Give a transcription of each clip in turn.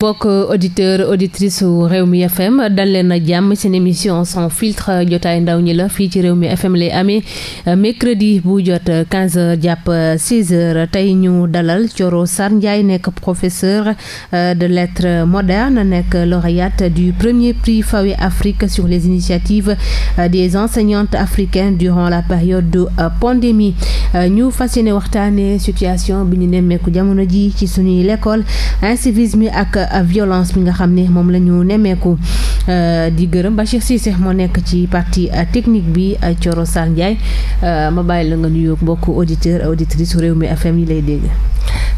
mbokk auditeur auditrice réew mi FM dal leen a jàmm seen émission sans filtre jotaay ndaw ñi la fii ci réew mi FM lay amee mercredi bu jot 15 heures jàpp 16 heures tey ñu dalal coro Sar Ndiaye nekk professeur euh, de lettres modernes nekk lauréate du premier prix FAWE Afrique sur les initiatives euh, des enseignantes africaines durant la période de euh, pandémie ñu fas yéene waxtaane situation bi ñu nemmeeku jamono ji ci suñuy lekkool incivisme ak Euh, violence bi nga xam ne moom la ñu nemmeeku euh, di gërëm Bachir Cissé moo nekk ci partie euh, technique bi Thioro Sar Ndiaye ma bàyyi la nga nuyoo bokk auditeur auditrice réew mi FM yi lay dégg.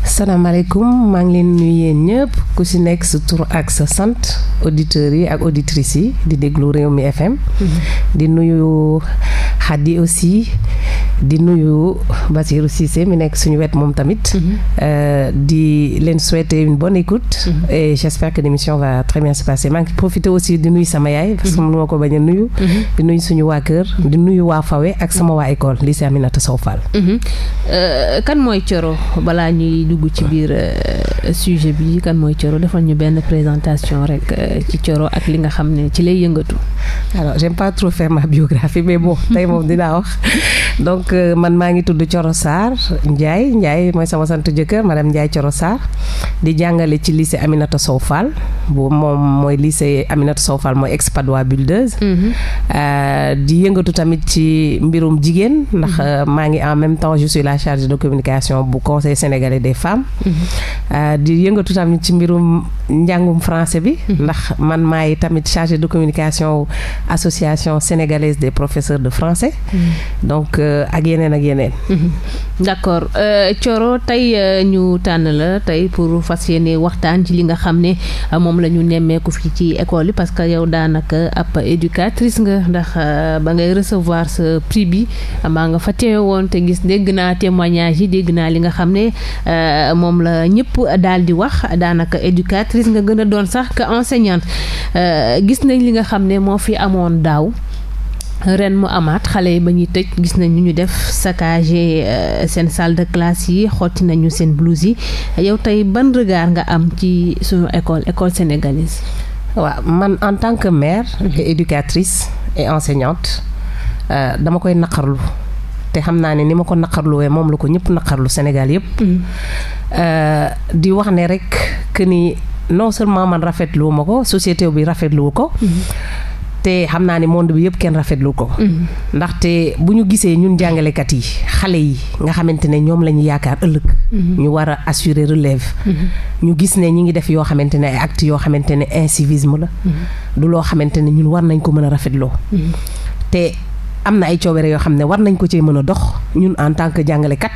salaamaaleykum maa ngi leen nuyu yéen ñëpp ku si nekk sa tur ak sa sant auditeurs yi ak auditrices yi di déglu réew mi FM. Mm-hmm. di nuyu Khady aussi. di nuyu Basirou Cissé mi nekk suñu wet moom tamit. Mm-hmm. di leen souhaiter une écoute. Mm-hmm. et j'espère que l'émission va très bien se passer maa ngi profité aussi di nuyu sama yaay. parce que mënuma ko bañ a nuyu. Mm-hmm. di nuyu suñu waa kër di nuyu waa Fawe ak sama waa école lycée Aminata Sow Fall. Mm-hmm. Euh, kan mooy Thioro balaa ñuy dugg ci biir euh, sujet bi kan mooy Thioro defal ñu benn présentation rek euh, ci Thioro ak li nga xam ne ci lay yëngatu. alors j'aime pas trop faire ma biographie mais bon tey moom dinaa wax donc man maa ngi tudd Thioro Sarr njaay Ndiaye mooy sama sant jëkkër madame Ndiaye Thioro Sarr Aminata Sow Fall bu moom mooy lycée Aminata Sow Fall mooy ex Padois Buldeuse mhm. euh, di yëngatu tamit ci mbirum jigéen ndax mhm. euh, maa ngi en même temps je suis la chargée de communication bu conseil sénégalais de femmes mhm. euh, di yëngatu tamit ci mbirum njàngum français bi ndax man maay tamit chargée de communication association sénégalaise de professeurs de français donc ak yeneen ak yeneen d'accord tey ñu tànn la tey pour fas yéene waxtaan ci li nga xam ne moom la ñu nemmeeku fii ci école yi parce que yow daanaka ab éducatrice nga ndax euh, ba ngay recevoir sa prix bi maa nga fa teewoon te gis dégg naa témoignage yi dégg naa li nga xam ne euh, moom la ñëpp daal di wax daanaka éducatrice nga gën a doon sax que enseignante euh, gis nañ li nga xam ne moo fi amoon daaw ren mu amaat xale yi ba ñuy tëj gis nañ ñu def saccagé euh, seen salle de classe yi xotti nañu seen blouse yi yow tey ban regard nga am ci suñu école école sénégalaise. waaw man en tant que maire et éducatrice et enseignante euh, dama koy naqarlu te xam naa ne ni ma ko naqarluwee moom la ko ñëpp naqarlu Sénégal yëpp. Mm. Euh, di wax ne rek que ni non seulement man rafetlu ma ko société bi rafetlu ko. Mm. te xam naa ne monde bi yëpp kenn rafetlu ko. Mm-hmm. ndaxte bu ñu gisee ñun jàngalekat yi xale yi nga xamante ne ñoom la ñu yaakaar ëllëg. Mm-hmm. ñu war a assurer relève. Mm-hmm. ñu gis ne ñi ngi def yoo xamante ne ay actes yoo xamante ne incivisme la. du loo xamante ne ñun war nañ ko mën a rafetloo. te am na ay coobere yoo xam ne war nañ ko cee mën a dox ñun en tant que jàngalekat.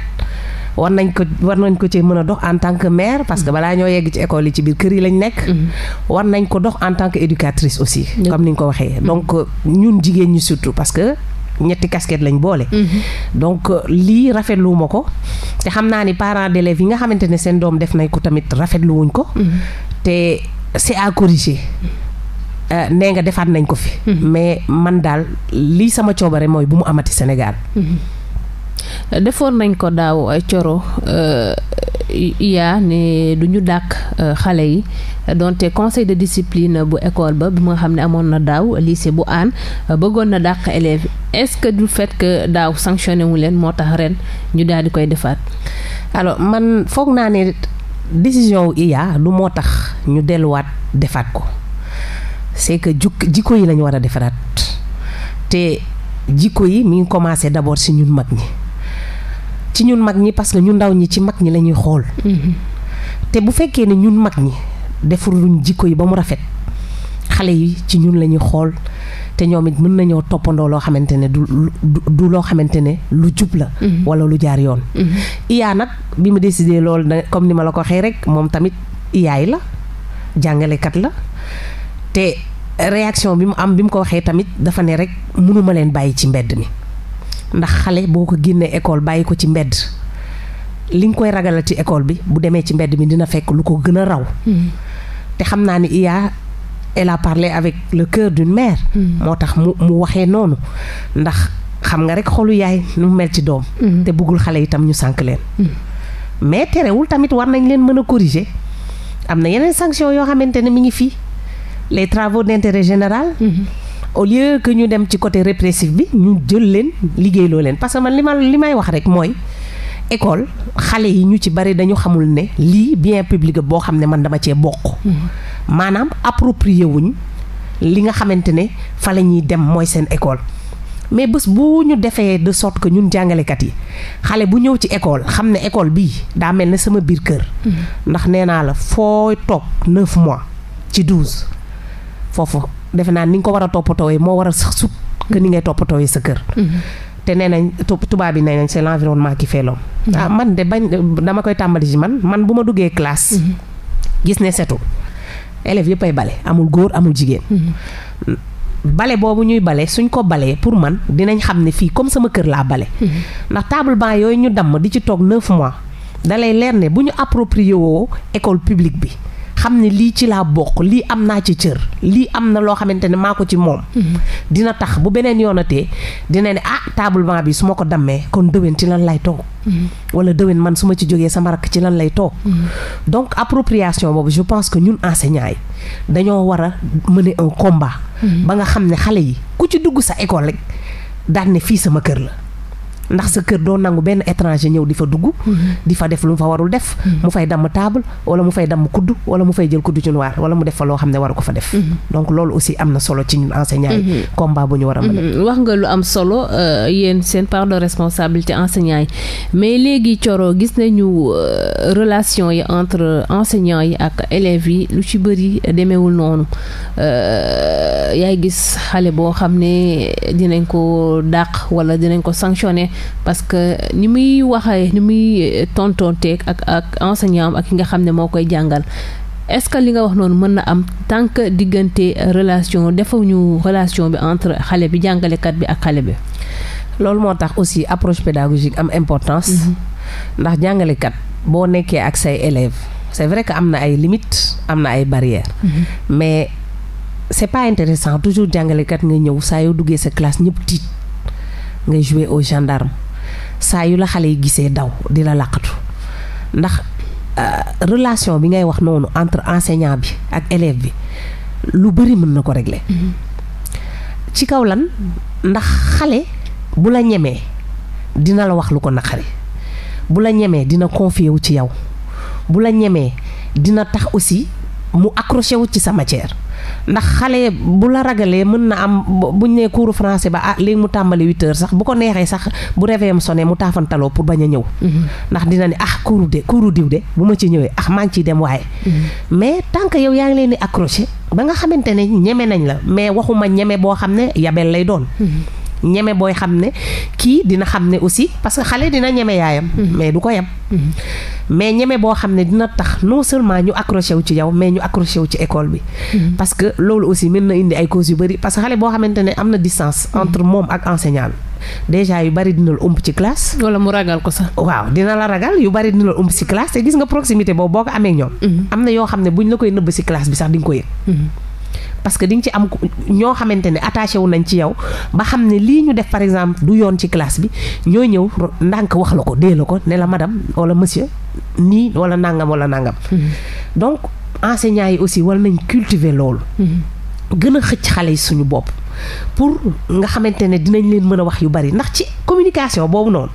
war nañ ko war nañ ko ci mën a dox en tant que mère parce que mm-hmm. balaa ñoo yegg ci école yi ci biir kër yi lañ nekk mm-hmm. war nañ ko dox en tant que éducatrice aussi comme ni nga ko waxee mm-hmm. donc ñun jigéen ñi surtout parce que ñetti casquette lañ boole donc lii rafetlu ma ko te xam naa ni parents d'élèves yi nga xamante ne seen doom def nañ ko tamit rafetlu wuñ ko te c'est à corriger Uh, nee nga defaat nañ ko fi. mais man daal lii sama coobare mooy bu mu amati Sénégal. defoon nañ ko daaw coro yaa euh, ne du ñu dàkk euh, xale yi donte conseil de discipline bu école ba bi nga xam ne amoon na daaw lycée bu aan bëggoon na dàq élèves est-ce que du fait que daaw sanctionné wu leen moo tax ren ñu daal di koy defaat. alors man foog naa ne décision wu IA lu moo tax ñu delluwaat defaat ko c'est que jikko yi lañu war a defaraat te jikko yi mi ngi commencé d'abord si ñun mag ñi. ci ñun mag ñi parce que ñu ndaw ñi ci mag ñi la ñuy xool. Mhm. te bu fekkee ne ñun mag ñi deful luñ jikko yi ba mu rafet xale yi ci ñun la ñuy xool te ñoom it na nañoo toppandoo loo xamante ne du du loo xamante ne lu jub la. Mhm. wala lu jaar yoon. Mhm. iyaa nag bi ma décidé loolu da comme ni ma la ko waxee rek moom tamit iyaay la jàngalekat la te réaction bi mu am bi mu ko waxee tamit dafa ne rek munuma leen bàyyi ci mbedd mi. ndax xale boo ko génnee école bàyyi ko ci mbedd li nga koy ragalal ci école bi bu demee ci mbedd mi dina fekk lu ko gën a raw. Hmm. te xam naa ni IA elle la parlé avec le cœur d'une mère. Hmm. moo tax mu mu waxee noonu ndax xam nga rek xolu yaay nu mu mel ci doom. Hmm. te buggul xale itam ñu sànk leen. mais terewul tamit war nañ leen mën a corriger am na yeneen sanction yoo xamante ne mi ngi fii les travaux d'intérêt général. au lieu que ñu dem ci côté répressif bi ñu jël leen liggéeyloo leen parce que man li ma li may wax rek mooy école xale yi ñu ci bari dañu xamul ne lii bien public boo xam ne man dama cee bokk. Mm-hmm. maanaam approprié wuñ li nga xamante ne fa la ñuy dem mooy seen école. mais bés bu ñu defee de sorte que ñun jàngalekat yi xale bu ñëw ci école xam ne école bii daa mel ne sama biir kër. Mm-hmm. ndax nee naa la foo toog neuf mois ci douze foofu. defe naa ni nga ko war a toppatoowee moo war a sax sut que ni ngay toppatoowee sa kër. Mm-hmm. te nee nañ tubaab yi nee nañ c'est l'environnement qui fait l'homme mm-hmm. ah man de bañ dama koy tàmbali ci man man bu ma duggee classe. Mm-hmm. gis ne setul élèves yëpp ay bale amul góor amul jigéen. bale boobu ñuy bale suñ ko balee pour man dinañ xam ne fii comme sama kër laa bale. ndax table banc yooyu ñu damm di ci toog neuf mois. da lay leer ne bu ñu approprié woo école publique bi. xam ne lii ci laa bokk lii am naa ci cër lii am na loo xamante ne maa ko ci moom. Mhm. dina tax bu beneen yoonatee dina ne ah tablement bi su ma ko dammee kon déwén ci lan lay toog. Mhm. wala déwén man su ma ci jógee sama rakk ci lan lay toog. Mhm. donc appropriation boobu je pense que ñun enseignants yi dañoo war a mener un combat. ba nga xam ne xale yi ku ci dugg sa école rek daan ne fii sama kër la. ndax sa kër doo nangu benn étranger ñëw di fa dugg mhm. di fa def lu mu fa warul def mhm. mu fay damm table wala mu fay damm kudd wala mu fay jël kudd ci waar wala mu def fa loo xam ne waru ko fa def mhm. donc loolu aussi am na solo ci ñun enseignants bu ñu war a mën wax nga lu am solo euh, yéen seen part de responsabilité enseignants yi mais léegi Thioro gis nañu euh, relation yi entre enseignants yi ak élèves yi lu ci bëri demeewul noonu euh, yaay gis xale boo xam ne dinañ ko dàq wala dinañ ko sanctionner parce que ni muy waxee ni muy eh, tontonteeg ak ak enseignant ak ki nga xam ne moo koy jàngal est-ce que li nga wax noonu mën na am tant que diggante relation defuñu relation bi entre xale bi jàngalekat bi ak xale bi. loolu moo tax aussi approche pédagogique am importance. Mm-hmm. ndax jàngalekat boo nekkee ak say élèves. c'est vrai que am na ay limites am na ay barrières. Mm-hmm. mais c'est pas intéressant toujours jàngalekat nga ñëw saa yoo duggee sa classe ñëpp tiit. ngay jouer au gendarme saa yu la xale yi gisee daw di la làqatu ndax euh, relation bi ngay wax noonu entre enseignant bi ak élève bi lu bëri mën na ko régler mm-hmm. ci kaw lan ndax xale bu la ñemee dina la wax lu ko naqari bu la ñemee dina confier wu ci yow bu la ñemee dina tax aussi mu accroché wu ci sa matière ndax xale bu la ragalee mën na am buñ nee cours français ba ah lii mu tàmbali huit sax bu ko neexee sax bu réveil am sonné mu taafantaloo pour bañ a ñëw. Mhm. ndax dina ne ah cours de cours diw de bu ma ci ñëwee ah maa ngi ciy dem waaye. Mhm. mais tant que yow yaa ngi leen di accroché ba nga xamante ne ñeme nañ la mais waxuma ñeme boo xam ne yabel lay doon. Mhm. ñeme booy xam ne kii dina xam ne aussi parce que xale dina ñeme yaayam. Mhm. mais du ko yem. Mhm. mais ñeme boo xam ne dina tax non seulement ñu accroché wu ci yow mais ñu accroché wu ci école bi. Mhm. parce que loolu aussi mën na indi ay causes yu bëri parce que xale boo xamante ne am na distance. entre moom ak enseignant yu bari dina la ëmb ci classe. wala mu ragal ko sax. waaw dina la ragal yu bari dina la ëmb ci classe te gis nga proximité boobu boo ko amee ñoom. am na yoo xam ne buñ la koy nëbb ci classe bi sax di ko yëg. parce que di nga ci am ñoo xamante ne attaché wu nañ ci yow ba xam ne lii ñu def par exemple du yoon ci classe bi ñoo ñëw ndànk wax la ko dee la ko ne la madame wala monsieur nii wala nangam wala nangam. Mm-hmm. donc enseignants yi aussi war nañ cultiver loolu. Mm-hmm. gën a xëcc xale yi suñu bopp pour nga xamante ne dinañ leen mën a wax yu bari ndax ci communication boobu noonu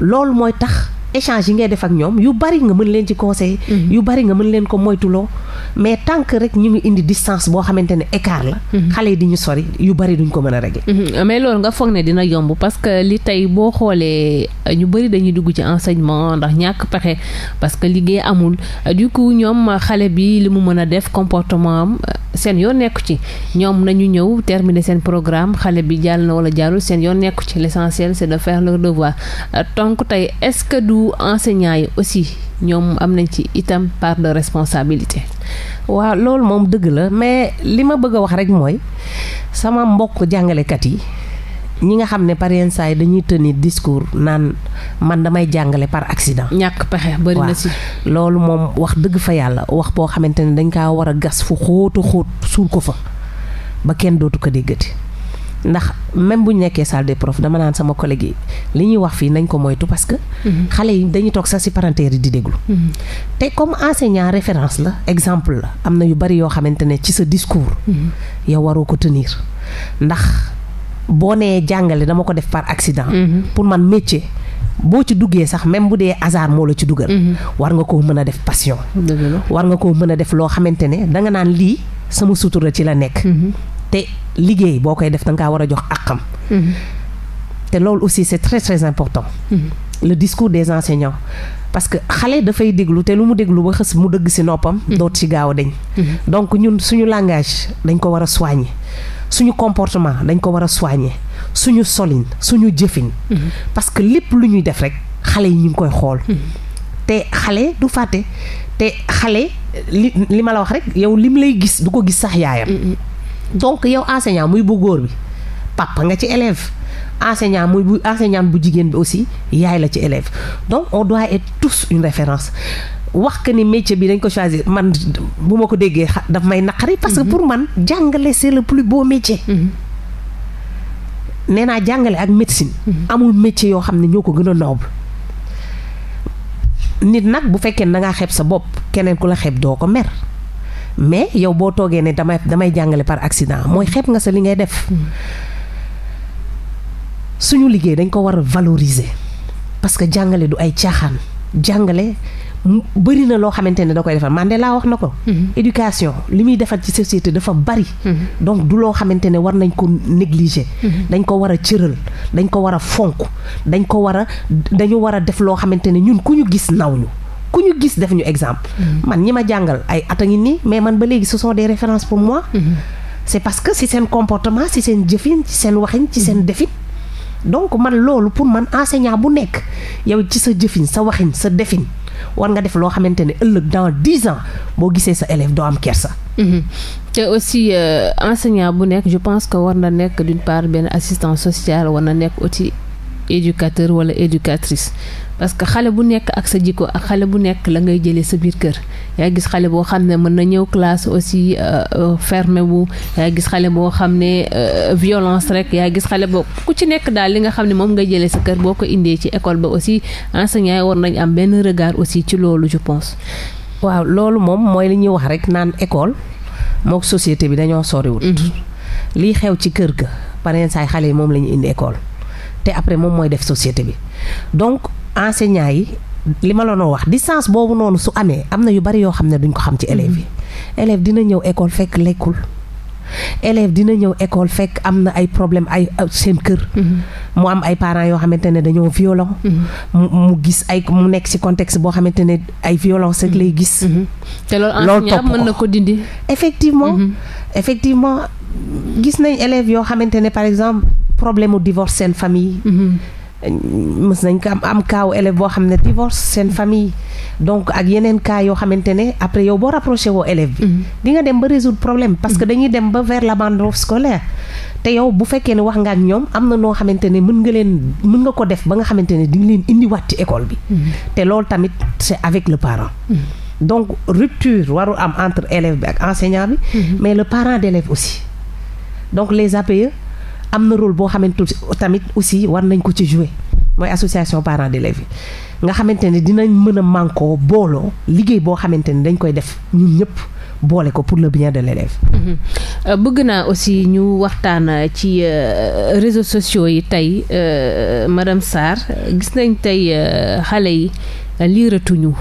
loolu mooy tax. échange yi ngay def ak ñoom yu bari nga mën leen ci conseil mhm. yu bari nga mën leen ko moytuloo mais tànk rek ñu ngi indi distance boo xamante ne écar la mhm. xale yi di ñu sori yu bari duñ ko mën a régler mhm. mais loolu nga foog ne dina yomb parce que li tey boo xoolee ñu bari dañuy dugg ci enseignement ndax ñàkk pexe parce que liggéey amul du coup ñoom xale bi li mu mën a def comportement am seen yoon nekku ci ñoom nañu ñëw terminer seen programme xale bi jàll na wala jàllul seen yoon nekku ci l'essentiel c'est de faire leur devoir donc du enseignants yi aussi ñoom am nañ ci itam par de responsabilité. waaw loolu moom dëgg la mais li ma bëgg a wax rek mooy sama mbokk jàngalekat yi ñi nga xam ne par saa yi dañuy tëne discours naan man damay jàngale par accident. ñàkk pexe bari na si. loolu moom wax dëgg fa yàlla wax boo xamante ne dañ kaa war a gas fu xóotu xóot suul ko fa ba kenn dootu ko déggati. ndax même bu ñu nekkee salle des profs dama naan sama collègue yi li ñuy wax fii nañ ko moytu parce que. Mhm. xale yi dañuy toog sa si parenté yi di déglu. Mhm. te comme enseignant référence la exemple la am na yu bari yoo xamante ne ci sa discours. Mhm. yow waroo ko tenir ndax boo nee jàngale dama ko def par accident. pour man métier. boo ci duggee sax même bu dee hasard moo la ci dugal. war nga koo mën a def passion. war nga koo mën a def loo xamante ne danga naan lii sama sutura ci la nekk. te liggéey boo koy def da nga war a jox àqam. Mhm. te loolu aussi c'est très très important. Mhm. le discours des enseignants. parce que xale dafay déglu te lu mu déglu ba xës mu dëgg si noppam. Mhm. doot ci gaaw a dañ. donc ñun suñu langage dañ ko war a soigner suñu comportement dañ ko war a soigner suñu solin suñu jëfin. parce que lépp lu ñuy def rek xale yi ñu ngi koy xool. te xale du fàtte te xale li li ma la wax rek yow li mu lay gis du ko gis sax yaayam. donc yow enseignant muy bu góor bi papa nga ci élève enseignant muy bu enseignant bu jigéen bi aussi yaay la ci élève donc on doit être tous une référence wax que ni métier bi dañ ko choisir man bu ma ko déggee daf may naqari parce que mhm. pour man jàngale c'est le plus beau mhm. nee naa jàngale ak médecine mhm. amul métier yoo xam ne ñoo ko gën a noble nit nag bu fekkee na ngaa xeeb sa bopp keneen ku la xeeb doo ko mer mais yow boo toogee ne damay damay jàngale par accident mooy xeeb nga sa li ngay def mm. suñu liggéey dañ ko war a valoriser parce que jàngale du ay caaxaan jàngale bëri na loo xamante ne da koy defal defar laa wax na ko. Mm-hmm. éducation li muy defal ci société dafa bari. Mm-hmm. donc du loo xamante ne war nañ ko négliger. Mm-hmm. dañ ko war a cëral dañ ko war a fonk dañ ko war a dañu war a def loo xamante ne ñun ku ñu gis naw ñu. ñu gis def ñu exemple. Mm-hmm. man ñi ma jàngal ay at a ngi nii mais man ba léegi ce sont des références pour moi. Mm-hmm. c'est parce que si seen comportement si seen jëfin ci seen waxin ci seen mm-hmm. defin. donc man loolu pour man enseignant bu nekk yow ci sa jëfin sa waxin sa defin war nga def loo xamante ne ëllëg dans dix ans boo gisee sa élève doo am kersa. te aussi euh, enseignant bu nekk je pense que war na nekk d'une part benn assistance sociale war na nekk aussi. éducateur wala éducatrice parce que xale bu nekk ak sa jikko ak xale bu nekk la ngay jëlee sa biir kër yaa gis xale boo xam ne mën na ñëw classe aussi euh, euh, fermé bu gis xale boo xam ne euh, violence rek yaa gis xale boo ku ci nekk daal li nga xam ne moom ngay jëlee sa kër boo ko indee ci école ba aussi enseignant yi war nañ am benn regard aussi ci loolu je pense. waaw loolu moom mooy li ñuy wax rek naan école mook société bi dañoo soriwut. Mhm. lii xew ci kër ga. parents ay xale yi moom la ñu indi école. te après moom mooy def société bi donc enseignants yi li ma la noo wax distance boobu noonu su amee am na yu bari yoo xam ne duñ ko xam ci élèves yi mm-hmm. élève dina ñëw école fekk lekkul élève dina ñëw école fekk am na ay problème ay euh, seen kër mm-hmm. mu am ay parents yoo xamante ne dañoo violent mm-hmm. mu gis ay mu nekk ci contexte boo xamante ne ay violence rek lay gis te loolu enseignant mën na ko dindi effectivement gis nañ élèves yoo xamante ne par exemple problème mu divorce seen famille. Mm-hmm. mës nañ ko am am kaaw élève boo xam ne divorce seen famille donc ak yeneen kaa yoo xamante ne après yow boo rapproché woo élève bi mm-hmm. di nga dem ba résoudre problème parce que mm-hmm. dañuy dem ba vers l'abandon scolaire te yow bu fekkee ne wax ngaa ñoom am na noo xamante ne mën nga leen mën nga ko def ba nga xamante ne di nga leen indiwaat ci école bi te loolu tamit c'est avec le parent donc rupture warul am entre élève bi ak enseignant bi mais le parent d'élève aussi donc les APE am na rôle boo xamante tamit aussi war nañ ko ci jouer mooy association parents d'élèves yi nga xamante ne dinañ mën a mànkoo booloo liggéey boo xamante ni dañ koy def ñun ñëpp boole ko pour le bien de l'élève mhm. euh, bëgg naa aussi ñu waxtaan ci euh, réseaux sociaux yi tey euh, madame sar gis nañ tey xale yi liiratuñu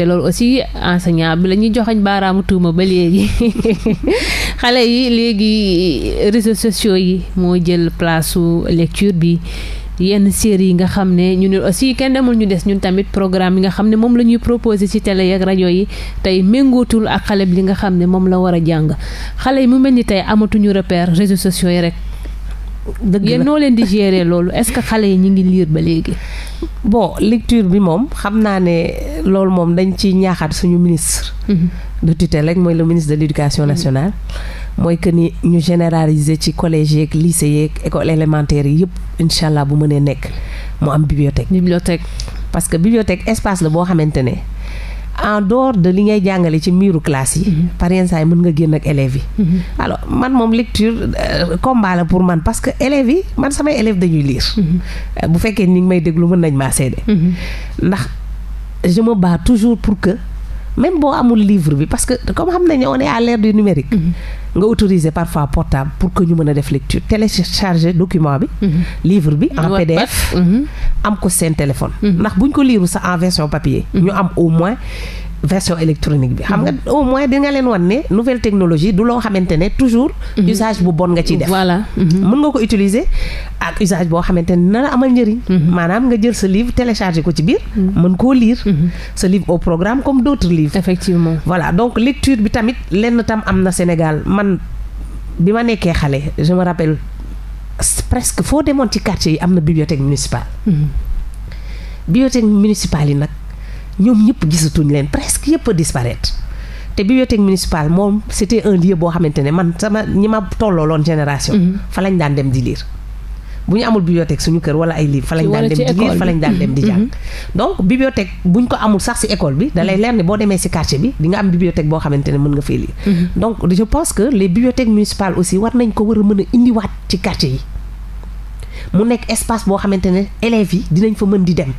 te loolu aussi enseignant bi la ñuy joxañ baaraamu tuuma ba léegi xale yi léegi réseaux sociaux yi moo jël place su lecture bi yenn série yi nga xam ne ñu ne aussi kenn demul ñu des ñun tamit programme yi nga xam ne moom la ñuy proposé ci télé yi rajo yi tey méngootul ak xale bi nga xam ne moom la war a jàng xale yi mu mel ni tey amatuñu repère réseaux sociaux yi rek dëgg la noo leen di gérer loolu est-ce que xale yi ñu ngi lire ba léegi. bon lecture bi moom xam naa ne loolu moom dañ ci ñaaxaat suñu ministre. Mhm. de tutelle mooy le ministre de l'éducation mhm. nationale. mooy que ni ñu généraliser ci collège yeeg lycée yeeg école élémentaire yi yëpp incha allah bu mënee nekk mu am bibliothèque. bibliothèque parce que bibliothèque espace la boo xamante ne. en dehors de li ngay jàngale ci miiru classe yi. Mm-hmm. par yenn saa yi nga génn ak élèves yi. Mm-hmm. alors man moom lecture euh, combat la pour man parce que élèves yi man samay élève dañuy liir mm-hmm. euh, bu fekkee ni ngi may déglu mën nañ maa seede. ndax je toujours pour que. même boo amul livre bi parce que comme xam nañu on est à l'ère du numérique. Mhm. nga autoriser parfois portable pour que ñu mën a def lecture télécharger document bi. Mhm. livre bi en PDF. Mhm. am ko seen téléphone. ndax buñ ko liiru sax en version papier. ñu am au moins. version électronique bi xam nga mhm. au moins di nga leen wan ne nouvelle technologie du loo xamante ne toujours mhm. usage bu bon nga ciy def voilà mhm. mën nga ko utiliser ak usage boo xamante ne na la a njëriñ maanaam nga jël sa livre télécharger ko ci biir mën koo liir sa livre au programme comme d'autres livres effectivement voilà donc lecture bi tamit lenn tam am na Sénégal man bi ma nekkee xale je me rappelle presque foo demoon ci quartier yi am na bibliothèque municipale bibliothèque municipale yi nag ñoom ñëpp gisatuñ leen presque yëpp a disparaître te bibliothèque municipale moom c'était un lieu boo xamante ne man sama ñi ma tollooloon génération. Mhm. fa lañ daan dem di liir bu ñu amul bibliothèque suñu kër wala ay livre fa lañ daan dem di lañ daan dem di jàng mhm. donc bibliothèque buñ ko amul sax ci école bi da lay mhm. leer ne boo demee ci quartier bi di nga am bibliothèque boo xamante ne mën nga fay lire. donc je pense que les bibliothèques municipales aussi war nañ ko war a mën a indiwaat ci quartier yi mu nekk espace boo xamante ne élèves yi dinañ fa mën di dem.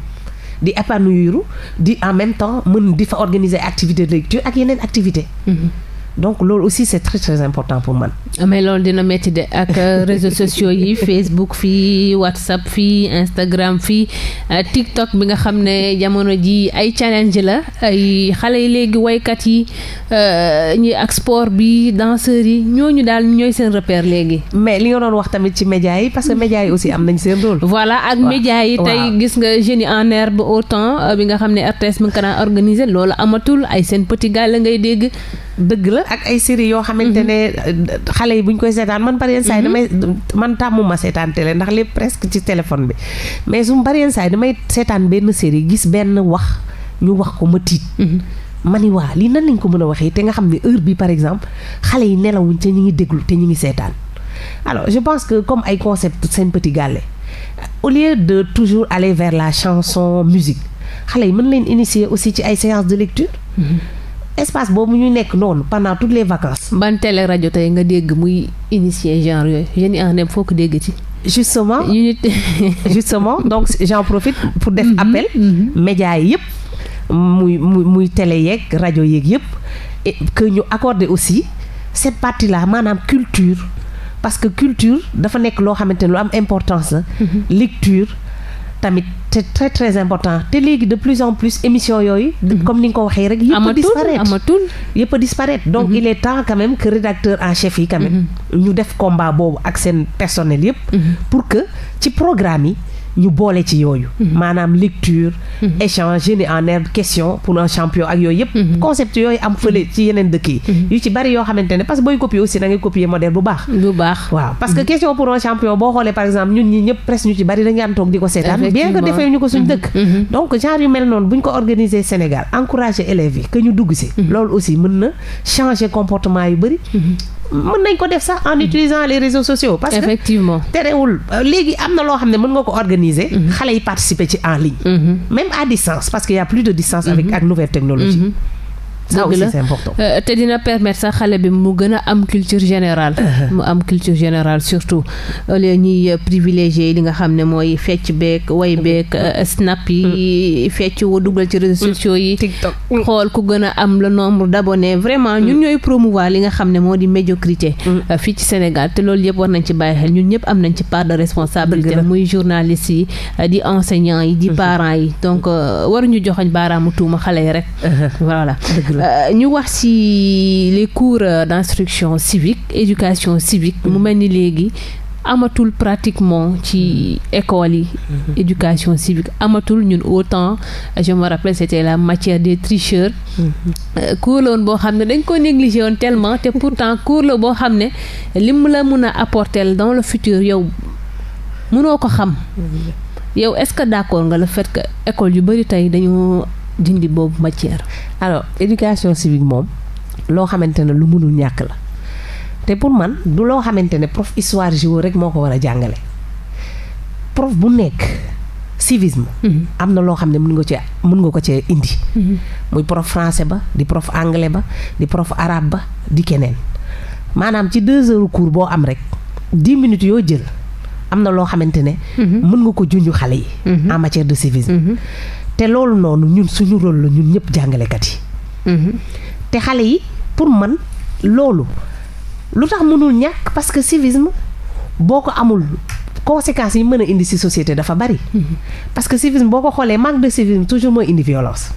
di épanouir di en même temps mën di fa organiser activité de lecture ak yeneen activité mm-hmm. donc loolu aussi c'est très très important pour man. Ah, mais loolu dina métti de ak euh, réseaux sociaux yi Facebook fii WhatsApp fii Instagram fii euh, TikTok bi nga xam ne jamono ji ay challenge la ay xale yi léegi woykat yi euh, ñi ak sport bi danseurs yi ñooñu daal ñooy seen repère léegi. mais li nga doon wax tamit ci médias yi parce que média yi aussi am nañ seen rôle. voilà ak médias yi tey gis nga Génie en herbe autant bi nga xam ne RTS mu ngi organiser loolu amatul ay seen petit gàll ngay dégg dëgg la. ak ay série yoo xamante mhm. ne euh, xale yi buñ koy seetaan man bari yenn saa yi mhm. damay man tàmmuma seetaan télé ndax lépp presque ci téléphone bi mais su mu bari damay seetaan benn série gis benn wax ñu wax ko ma tiit mhm. ma ni waa lii nan lañ ko mën a waxee te nga xam ne heure bi par exemple xale yi nelawuñ te ñu ngi déglu te ñu ngi seetaan alors je pense que comme ay concept seen Petit Gallé au lieu de toujours aller vers la chanson musique xale yi mën leen initier aussi ci ay séances de espace boobu ñu nekk noonu pendant toutes les vacances. ban télé rajo tey nga dégg muy initier genre yooyu yéen en même foo ko dégg ci. justement justement donc j'en profit pour def mm-hmm. appel. Mm-hmm. médias yi yëpp muy muy muy télé yeeg rajo yeeg yëpp. et ñu accorder aussi cette partie là maanaam culture parce que culture dafa nekk loo xamante ne lu am importance la. Mm-hmm. lecture. tamit c'est très très important te léegi de plus en plus émission yooyu mhm. comme ni nga ko waxee rek yëpp a disparaître amatul yëpp a donc mhm. il est temps quand que rédacteur en chef yi quand même mhm. ñu def combat boobu ak seen personnel yëpp pour que ci programme yi ñu boole ci yooyu. Mhm. maanaam lecture. Mhm. échange génie en herbe question pour un champion ak yooyu yëpp. Mhm. concept yooyu am fële ci yeneen dëkk yi. yu ci bari yoo xamante ne parce booy copier aussi da ngay copier bu baax. bu baax waaw parce question pour un champion boo xoolee par exemple ñun ñi ñëpp presque ñu ci bari dañu daan toog di ko seetaan. bien que defee ñu ko suñ dëkk. donc genre yu mel noonu bu ñu ko organiser Sénégal encourager élèves yi que ñu dugg si. loolu aussi mën na changer comportement yu bari. mën nañ ko def sax en utilisant les réseaux sociaux. parce que effectivement terewul euh, léegi am na loo xam ne mën nga ko organiser. Mhm. xale yi participer ci en ligne. Mhm. même à distance parce que y a plus de distance. avec mhm. nouvelle technologie. ça euh, te dina permettre sax xale bi mu gën a am culture général uh-huh. mu am culture général surtout au lieu ñuy euh, privilégié li nga xam ne mooy fecc beek way beek euh, snap yi mm. fecc woo dugal ci réseaux mm. sociaux yi. Mm. xool ku gën a am le nombre d'abonnés vraiment ñun ñooy promouvoir li nga xam ne moo di médiocrité. fii ci Sénégal te loolu yëpp war nañ ci bàyyi xel ñun ñëpp am nañ ci part de responsabilité muy journaliste yi di enseignants yi di mm-hmm. parents yi donc waruñu joxoñ baaraamu tuuma xale yi rek uh-huh. Euh, ñu wax ci les cours euh, d'instruction civique éducation civique mu mm-hmm. mel ni léegi amatul pratiquement ci mm-hmm. école yi mm-hmm. éducation civique amatul ñun autant je me rappelle c'était la matière des tricheurs euh, cours la woon boo xam ne dañ ko négligé woon tellement te pourtant cours la boo xam ne li mu la mun a apporter dans le futur yow mënoo ko xam yow est-ce que d'accord nga le fait école yu bari tey dañu dindi boobu matière. alors éducation civique moom loo xamante ne lu mënul ñàkk la te pour man du loo xamante ne prof histoire géo rek moo ko war a jàngale prof bu nekk civisme. Mm-hmm. am na loo xam ne mën nga cee mën nga ko cee indi. Mm-hmm. muy prof français ba di prof anglais ba di prof arabe ba di keneen maanaam ci deux heures cours boo am rek dix minutes yoo jël am na loo xamante ne. Mm-hmm. mën nga ko junj xale yi. en matière de civisme. Mm te loolu noonu ñun suñu rôle la ñun ñëpp jàngalekat yi. Mhm. te xale yi pour man loolu lu tax mënul ñàkk parce que civisme boo ko amul conséquences yi mën a indi ci société dafa bari. Mhm. parce que civisme boo ko xoolee manque de civisme toujours mooy indi violence.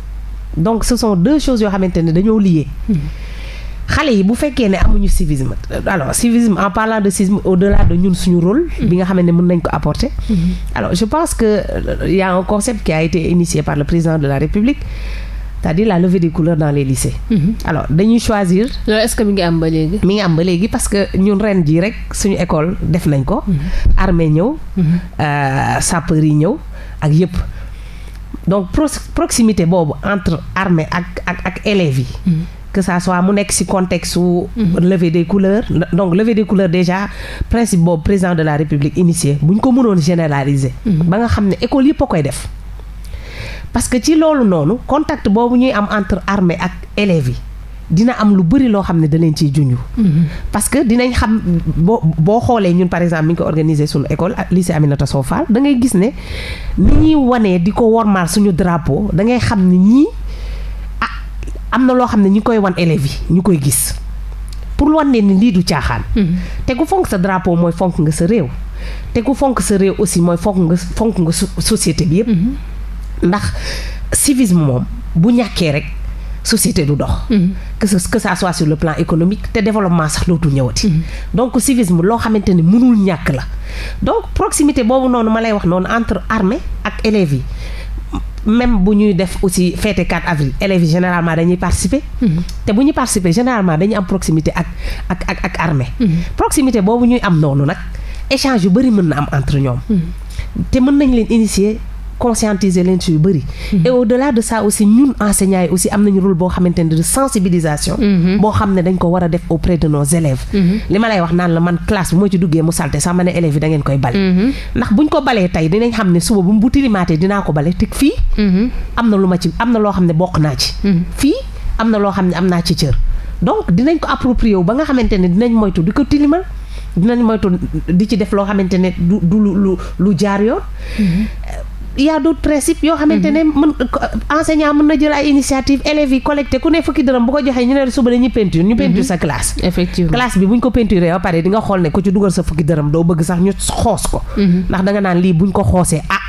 donc ce sont deux choses yoo xamante ne dañoo liggéey mhm. xale yi bu fekkee ne amuñu civisme alors civisme en parlant de civisme au-delà de ñun suñu rôle. Mm-hmm. bi nga xam ne mën nañ ko apporter. Mm-hmm. alors je pense que euh, y a un concept qui a été initié par le président de la République c'est-à-dire la levée des couleurs dans les lycées. Mm-hmm. alors dañuy choisir. loolu est-ce que mi ngi am ba léegi. mi ngi am ba léegi parce que ñun ren jii rek suñu école def nañ ko. armée ñëw. Euh, sapeurs yi ñëw ak yépp. donc proximité boobu entre armée ak ak ak élèves yi. que ça soit mu nekk ci contexte su levée des couleurs donc levée des couleurs déjà principe boobu président de la république initié bu ko mënoon généraliser ba nga xam ne école yëpp a koy def parce que ci loolu noonu contact boobu ñuy am entre armée ak élèves yi dina am lu bëri loo xam ne da leen ciy junju parce que dinañ xam boo boo xoolee ñun par exemple mi ngi ko organiser suñu école lycée Aminata Sow Fall da ngay gis ne ni ñuy wanee di ko wormaal suñu drapeau da ngay xam ne ñii am na loo xam ne ñi koy wan élèves yi ñu koy gis pour wan leen ni lii du caaxaan. Hmm. te ku fonk sa drapeau mooy fonk nga sa réew. te ku fonk sa réew aussi mooy fonk nga fonk nga société bi yëpp. Hmm. ndax civisme moom bu ñàkkee rek société du dox. Hmm. que sa que soit sur le plan économique te développement sax dootul ñëwati. donc civisme loo xamante ni mënul ñàkk la donc proximité boobu noonu ma lay wax noonu entre armée ak élèves yi. même bu ñuy def aussi fête 4 avril élèves yi généralement dañuy participer. Mhm. te bu ñuy participer généralement dañuy am proximité ak ak ak ak armée. Mhm. proximité boobu ñuy am noonu nag échange yu bëri mën na am entre ñoom. Mhm. te mën nañ leen initier. conscientiser leen ci yu bëri. Mhm. et au delà de ça aussi ñun enseignants yi aussi am nañu rôle boo xamante ne de sensibilisation. Mhm. boo xam ne dañ ko war a def auprès de nos élèves. Mhm. li ma lay wax naan la man classe bu ma ci duggee mu salte sax ma élèves yi da ngeen koy bale. ndax buñ ko balee tey dinañ xam ne suba bu bu tilimaatee dinaa ko bale te fii. am na lu ma ci am na loo xam ne bokk naa ci. fii am na loo xam ne am naa ci cër. donc dinañ ko approprier wu y a d'autres principes yoo xamante ne mhm. mën enseignant mën na jël initiative élèves yi collecté ku ne fukki dërëm bu ko joxee ñu ne suba dañuy peinture ñu peinture mhm. sa classe classe bi buñ ko peinturé ba pare di xool ne ku ci dugal sa fukki dërëm doo bëgg sax ñu xoos ko mhm. ndax da naan lii buñ ko xoosee ah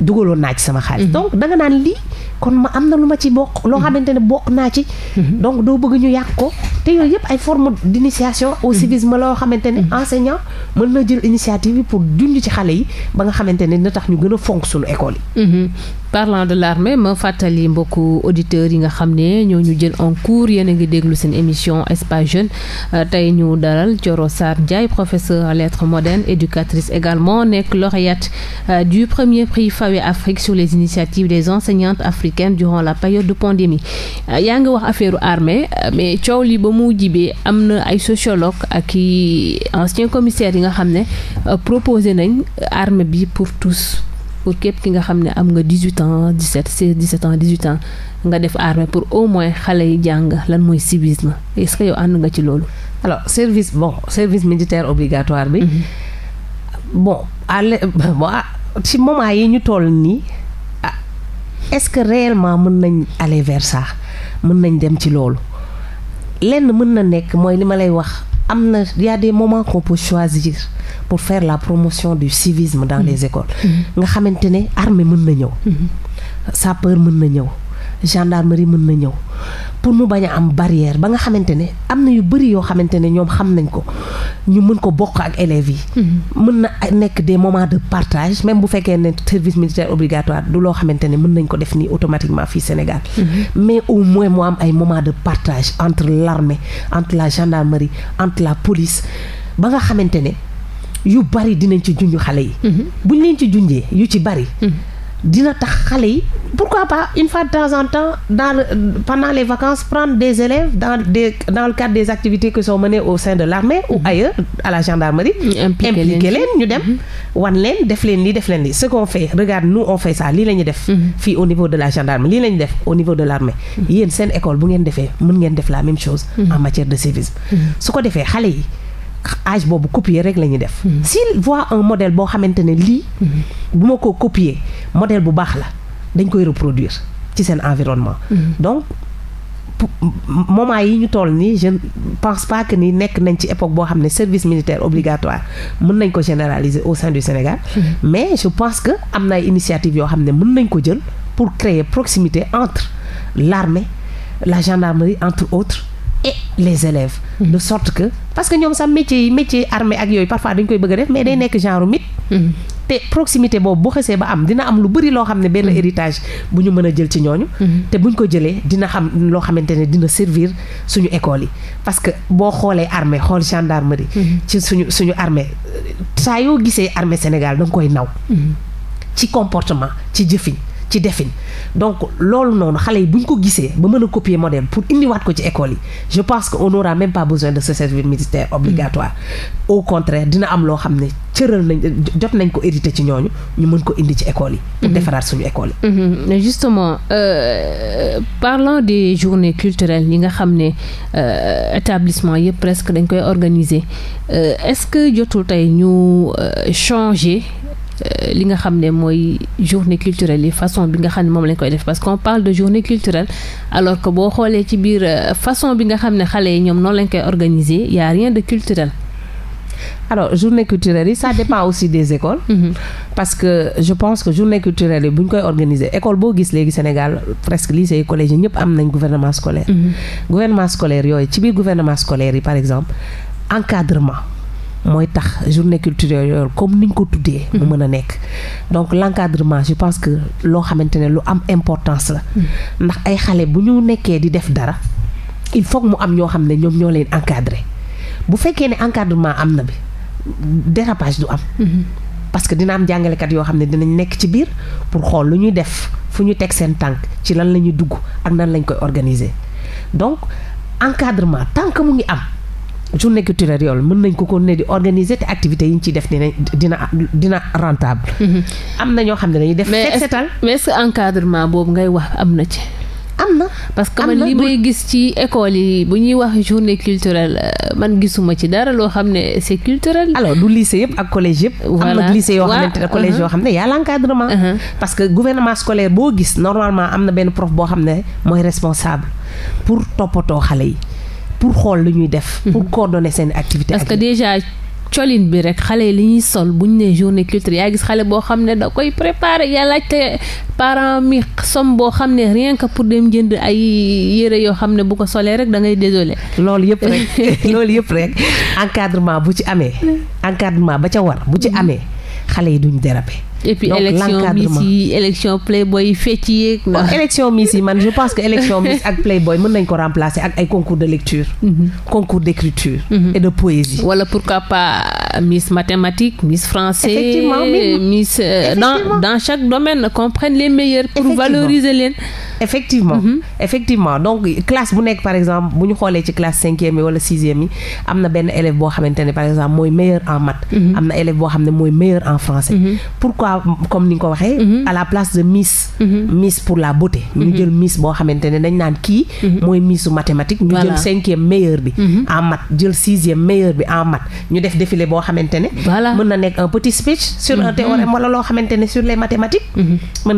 dugaloon naa ci sama xaalis. Mhm. donc danga naan lii kon ma am na lu ma ci bokk. loo mhm. xamante ne bokk naa ci. Mhm. donc doo bëgg ñu yàq ko te yooyu yëpp ay forme d' initiation au civisme loo xamante ne enseignant mën na jël initiative yi pour dund ci xale yi ba nga xamante ne na tax ñu gën a fonk suñu école yi. parlant de l'armée ma fàttali mbokku auditeurs yi nga xam ne ñoo ñu jël en cours yéen a ngi déglu seen émission espace jeune euh, tey ñu dalal Thioro Sarr Ndiaye professeur lettres modernes éducatrice également nekk lauréate euh, du premier prix FAWE Afrique sur les initiatives des enseignantes africaines durant la période de pandémie euh, yaa ngi wax affaire armée mais coow li ba mu jibee am na ay sociologue ak i ancien commissaire yi nga xam ne proposé nañ armée bi pour tous pour képp ki nga xam ne am nga 18 ans 17 16 17 ans 18 ans nga def armée pour au moins xale yi jàng lan mooy civisme est-ce yow ànd nga ci loolu. alors service bon service militaire obligatoire bi. Mm-hmm. bon àll bon ci moment yi ñu toll nii ah, est-ce que réellement mën nañ aller vers ça mën nañ dem ci loolu lenn mën na nekk mooy li ma lay wax. am na y a des moments qu'on peut pour fair la promotion du civisme dans mm-hmm. les écoles mm-hmm. nga xamante ne armée mën na ñëw mm-hmm. sapeur mën na ñëw gendarmerie mën na ñëw pour mu bañ a am barrière ba nga xamante ne am na yu bëri yoo xamante ne ñoom xam nañ ko ñu mën ko bokk ak élèves yi. Mhm. mën na nekk des moments de partage même bu fekkee ne service militaire obligatoire du loo xamante ne mën nañ ko def nii automatiquement fii Sénégal. Mhm. mais au moins moo am ay moments de partage entre l'armée entre la gendarmerie entre la police ba nga xamante ne yu bëri dinañ ci junj xale yi. Mhm. buñ leen ci junjee yu ci bëri. dina tax xale yi pourquoi pas une fois de temps en temps dans le, pendant les vacances prendre des élèves dans des dans le cadre des activités qui sont menées au sein de l'armée ou mhm. ailleurs la gendarmerie impliqué leen ñu dem mhm. wan leen def leen lii def leen lii ce qu'on fait regarde nous on fait ça lii la ñuy def mhm. fii au niveau de la gendarmerie lii la def au niveau de l'armée yéen seen école bu ngeen defee mën ngeen def la même chose en matière de civisme su ko defee xale yi âge boobu copier rek la ñuy def. Mm-hmm. s'il voit un modèle boo xamante ne lii. Mm-hmm. bu ma ko copier modèle bu baax la dañ koy reproduire ci seen environnement. Mm-hmm. donc moment yi ñu toll nii je ne pense pas que ni nekk nañ ci époque boo xam ne service militaire obligatoire mën nañ ko généraliser au sein du Sénégal. mais je pense que am na ay initiative yoo xam ne mën nañ ko jël pour créer proximité entre l'armée la gendarmerie entre autres et les élèves. de sorte que parce que ñoom sax métier yi métier armée ak yooyu parfois dañ koy bëgg a def mais day nekk genre mythe hmm. te proximité boobu boo xasee ba am dina am lu bëri loo xam ne benn hmm. héritage bu ñu mën a jël ci ñooñu hmm. te buñ ko jëlee dina xam loo xamante ne dina servir suñu école yi parce que boo xoolee armée xool gendarmerie ci suñu suñu armée saa yoo gisee armée Sénégal danga koy naw ci comportement ci jëfin ci defin donc loolu noonu xale yi bu ko gisee ba mën a copier modèle pour indiwaat ko ci école yi je pense que on n'aura même pas besoin de ce service militaire obligatoire mm. au contraire dina am loo xam ne cëral nañ jot nañ ko hérité ci ñooñu ñu mën ko indi ci école yi pour mm-hmm. defaraat suñu école yi mm-hmm. justement euh, parlant de journées culturelles ñi nga xam ne euh, établissement yëpp presque dañ koy organiser euh, est-ce que jotul tey ñu euh, changer Euh, li nga xam ne mooy journée culturelle yi façon bi nga xam ne moom lañ koy def parce qu'on parle de journée culturelle alors que boo xoolee ci biir euh, façon bi nga xam ne xale yi ñoom noonu lañ koy organiser y a rien de culturel. alors journée culturelle yi sa dépend aussi des écoles mm -hmm. parce que je pense que journée culturelle yi bu ñu koy organiser école boo gis léegi Sénégal presque lycée yi collège yi ñëpp am nañ gouvernement scolaire mm -hmm. gouvernement scolaire yooyu ci biir gouvernement scolaire yi par exemple encadrement mooy tax journée culturelle yooyu comme niñ ko tuddee. mu mm-hmm. mën a nekk donc l' encadrement je pense que loo xamante ne lu am importance la. Mm-hmm. ndax ay xale bu ñu nekkee di def dara il foog mu am ñoo xam ne ñoom ñoo leen encadré bu fekkee ne encadrement am na bi dérapage du am. Mm-hmm. parce que dina am jàngalekat yoo xam ne dinañ nekk ci biir pour xool lu ñuy def fu ñu teg seen tànk ci lan la ñuy dugg ak nan lañ koy organiser donc encadrement tant que mu ngi am. journée culturelle yoolu mën nañ ko kon ne di organiser te activités yi ñu ciy def dina dina dina rentable mhm. am na ñoo xam ne dañuy def set setal mais est encadrement boobu ngay wax am na ci am na parce que man li may gis ci école yi bu ñuy wax journée culturelle euh, man gisuma ci dara loo xam ne c'est culturel. alors du lycée yëpp ak collège yëpp. voilà am na collège uh-huh. yoo xam ne y a l'encadrement. Uh-huh. parce que gouvernement scolaire boo gis normalement am na benn prof boo xam ne mooy responsable pour toppatoo xale yi. pour xool lu ñuy def. Mhm. pour coordonner seen activité. parce que déjà colin bi rek xale yi li ñuy sol bu ñu nee journée culturelle yaa gis xale boo xam ne da koy préparer yàlla laajte parent mi somme boo xam ne rien que pour dem jënd ay yére yoo xam ne bu ko solee rek dangay ngay désolé. loolu yëpp rek loolu yëpp rek encadrement bu ci amee. encadrement ba ca war bu ci mhm. amee xale yi duñ déraper. et puis donc, élection miss yi élection playboy fecc yeeg. élection miss yi man je pense que élection miss ak playboy mën nañ ko remplacer ak ay concours de lecture. Mm -hmm. concours d'écriture mhm. et de poésie. wala voilà, pourquoi pas miss mathématique miss français. effectivement miss euh, dans dans chaque domaine qu'on prenne les meilleurs pour valoriser leen. effectivement mm -hmm. effectivement donc classe bu nekk par exemple bu ñu xoolee ci classe cinquième yi wala sixième yi am na benn élève boo xamante par exemple mooy meilleur en maths mhm. am na élève boo xam mooy meilleur mhm. mhm. la place de miss miss pour la beauté ñu jël mathématique ñu jël cinquième meilleur bi en maths jël sixième meilleur bi en maths ñu def défilé boo xamante mën na nekk un un théorème sur les mathématiques mën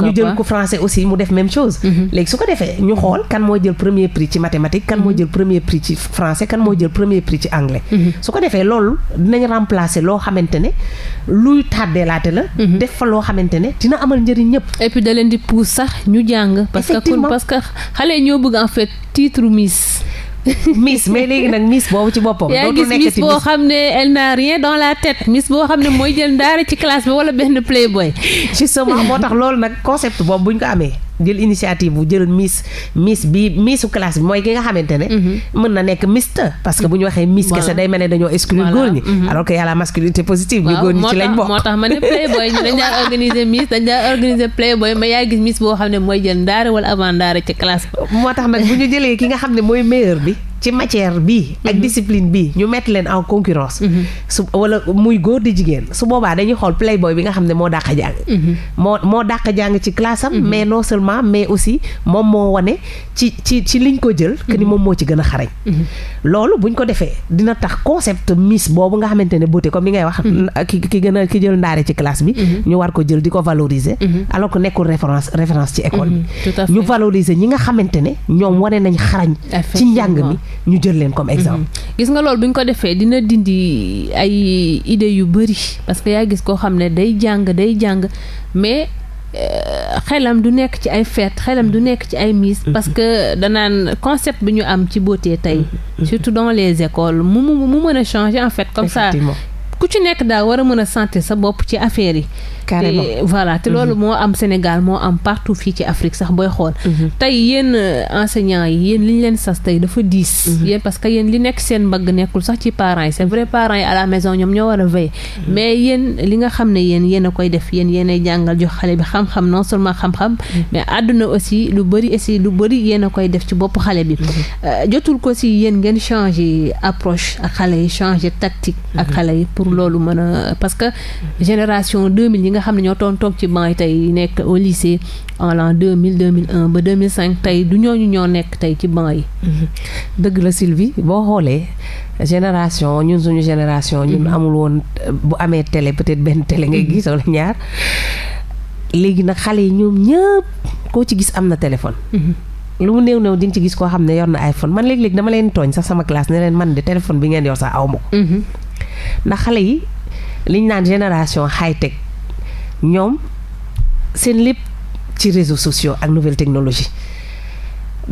na ku uh-huh. français aussi mu def même chose mm-hmm. léegi su ko defee ñu xool kan moo jël premier prix ci mathématique kan moo mm-hmm. jël premier prix ci français kan moo jël premier prix ci anglais mm-hmm. su ko defee loolu dinañ remplacer loo xamante ne luy tàddeelaate la def fa loo xamante ne dina amal njëriñ ñëpp et puis di pousse sax ñu jàng parce que parce xale ñoo bëgg en fait titre miss mais léegi nag miss boobu ci boppa dootul nekkati miss yaa gis miss boo xam ne elle n'a rien dans la tête miss boo xam ne mooy jël ndaara ci classe bi wala benn playboy. justement moo tax loolu nag concept boobu bu ñu ko amee. jël initiative bu jël miss miss bi missu classe bi mooy ki nga xamante ne. Mhm. mën na nekk miste parce que bu ñu waxee miss kese day mel ne dañoo exclure góor ñi. Mhm. alors que y a positive. ñu góor ñi ci lañ bokk moo tax ma ne playboy ñu dañ daan organiser miss dañ daan organiser playboy ma yaa gis miss boo xam ne mooy jël ndaare wala avant ndaare ci classe. moo tax nag bu ñu jëlee ki nga xam ne mooy meilleur bi. ci matière bi ak mhm. discipline bi ñu mett leen en concurrence mhm. su wala muy góor di jigéen su boobaa dañuy xool playboy bi nga xam ne moo dàq jàng mhm. moo moo dàq jàng ci classe am mais non seulement mais aussi moom moo wane ci ci ci liñ ko jël que ni moom moo ci gën a xarañ loolu buñ ko defee dina tax concept miss boobu nga xamante ne beauté comme li ngay wax ki ki gën a ki jël ndaare ci classe bi ñu war ko jël di ko valoriser alors que nekkul référence référence ci école bi ñu valoriser ñi nga xamante ne ñoom wane nañ xarañ ci njàng ñu jël leen comme mhm. exemple. gis nga loolu bu ñu ko defee dina dindi ay idée yu bëri parce que yaa gis koo xam ne day jàng day jàng mais. Euh, xelam du nekk ci ay fête xelam du nekk ci ay miss parce que danaan concept bi ñu am ci beauté tey mhm. surtout dans les écoles mu mu mu mën a changer en fait comme ça ku ci nekk daal war a mën a sentir sa bopp ci affaire yi. carrément te voilà loolu mhm. moo am Sénégal moo am partout fii ci Afrique sax booy xool. Mhm. tey yéen euh, enseignants yi yéen li ñu leen sas tey dafa diis. Mhm. yéen parce que yéen li nekk seen mbagg nekkul sax ci parent yi c'est vrai parents yi à la maison ñoom ñoo war a veiller. mais yéen li nga xam ne yéen yéen a koy def yéen yéen ay jàngal jox xale bi xam-xam non seulement xam-xam. mais àdduna aussi lu bëri aussi lu bëri yéen a koy def ci bopp xale bi. Euh, jotul ko si yéen ngeen changer approche xale yi changer tactique ak xale yi loolu mën a parce que génération 2000 yi nga xam ne ñoo doon toog ci banc yi tey nekk au lycée en l'an 2000 2001 ba 2005 tey du ñooñu ñoo nekk tey ci banc yi. dëgg la Sylvie boo xoolee génération ñun suñu génération. ñun mm-hmm. amul woon bu amee télé peut-être benn télé ngay gis wala ñaar léegi nag xale yi ñoom ñëpp koo ci gis am na téléphone. Mm-hmm. lu mu néew néew di ci gis koo xam ne yor na iPhone man léeg-léeg dama leen tooñ sax sama classe ne leen man de téléphone bi ngeen yor sax aw ma ndax xale yi liñ naan génération high tech ñoom seen lépp ci réseau sociaux ak nouvelle technologie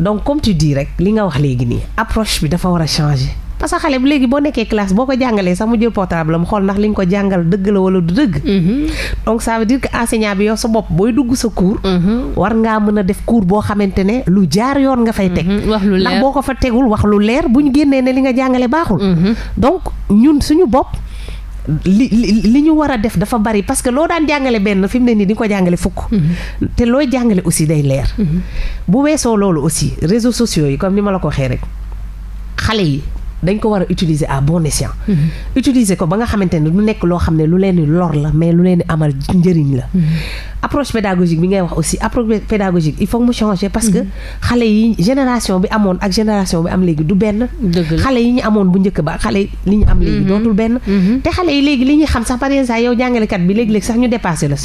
donc comme tu dis rek li nga wax léegi nii approche bi dafa war a changer parce que xale bi léegi boo nekkee classe boo ko jàngalee sax mu jël portable am xool ndax li nga ko jàngal dëgg la wala du dëgg. Mhm. donc ça veut dire bi yow sa bopp booy dugg sa cours. Mhm. war ngaa mën a def cours boo xamante ne lu jaar yoon nga fay teg. Mhm. wax lu leer boo ko fa tegul wax lu leer bu ñu génnee ne li nga jàngale baaxul. donc ñun suñu bopp. li li ñu war a def dafa bari parce que loo daan jàngale benn fi mu ne nii di ko jàngale fukk. te looy jàngale aussi day leer. bu weesoo loolu aussi réseau sociaux yi comme ni ma la ko waxee rek xale yi. dañ ko war a utiliser à bon mm-hmm. utiliser ko ba nga xamante ne du nekk loo xam ne lu leen di lor la mais lu leen di amal njëriñ la. Mm-hmm. approche pédagogique bi ngay wax aussi approche pédagogique il faut mu changer parce que mm-hmm. xale yi génération bi amoon ak génération bi am léegi du benn xale yi ñu amoon bu njëkk ba xale li ñu am léegi mm-hmm. benn mm-hmm. te yi léegi li ñuy xam sax par exemple jàngalekat bi léegi-léegi sax ñu dépassé la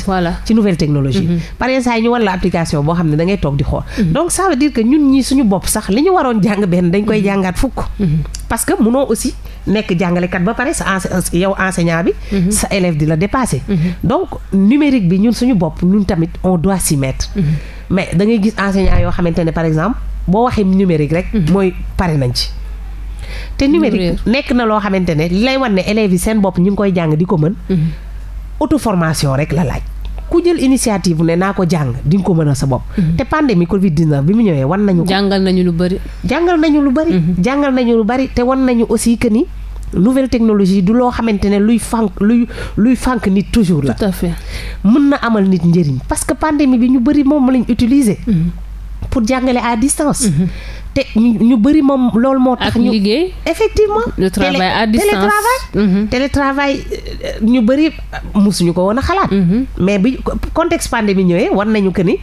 si nouvelle technologie par exemple ñu war la application boo xam ne da ngay toog di xool donc ça veut dire que ñun ñii suñu bopp sax li ñu waroon jàng benn dañ koy jàngaat fukk parce nekk jàngalekat ba pare sa euh, yow enseignant bi. Mhm. sa élève di la dépasser. Mhm. donc numérique bi ñun suñu bopp ñun tamit on doit s'y mettre. Mhm. mais da ngay gis enseignant yoo xamante ne par exemple boo waxee numérique rek. mooy pare nañ ci. te numérique nekk na loo xamante ne lay wan ne élèves yi seen bopp ñu ngi koy jàng di ko mën. auto formation rek la laaj. ku jël initiative ne naa ko jàng di ko mën a sa bopp. Mhm. te pandémie Covid 19 bi mu ñëwee wan nañu ko. jàngal nañu lu bari. jàngal nañu lu bari. Mhm. jàngal nañu lu bari te wan nañu aussi que ni. nouvelle technologie du loo xamante ne luy fànk luy luy fànk nit toujours la. tout mën na amal nit njëriñ parce que pandémie bi ñu bari moom lañ utiliser. Mm pour jàngale à distance. Mhm. te ñu bëri moom loolu moo tax. ñu liggéey effectivement. le travail à distance télétravail. Mhm. télétravail euh, ñu bëri euh, mosuñu ko woon a xalaat. Mhm. mais bi contexte pandémie ñëwee war nañu que ni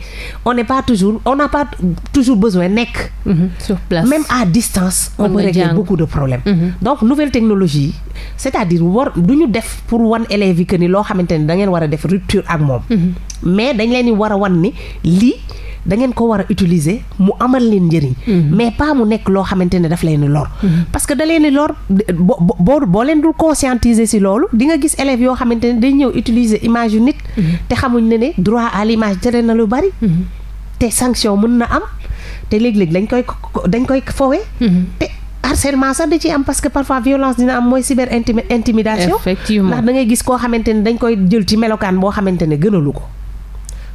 on n'est pas toujours on n'a pas toujours besoin nekk. sur place même à distance. on peut régler beaucoup de problème donc nouvelle yi c'est-à-dire war du ñu def pour wan élèves yi que ni loo xamante ni da ngeen war a def rupture ak moom. mais dañ leen di war a wan ni lii. da ngeen ko war a utiliser mu amal leen njëriñ. Mm-hmm. mais pas mu nekk loo xamante ne daf leen lor. Mm-hmm. parce que da leen di lor bo boo boo leen dul conscientiser si loolu di nga gis élèves yoo xamante ne dañ ñëw utiliser image nit. Mm-hmm. te xamuñ ne ne droit à l'image tere na te sanction mën na am te léeg-léeg dañ koy dañ koy fowe. te harcèlement sax da ciy am parce que parfois violence dina am mooy cyber intimidation. effectivement ndax da ngay gis koo xamante ne dañ koy jël ci melokaan boo xamante ne gënalu ko.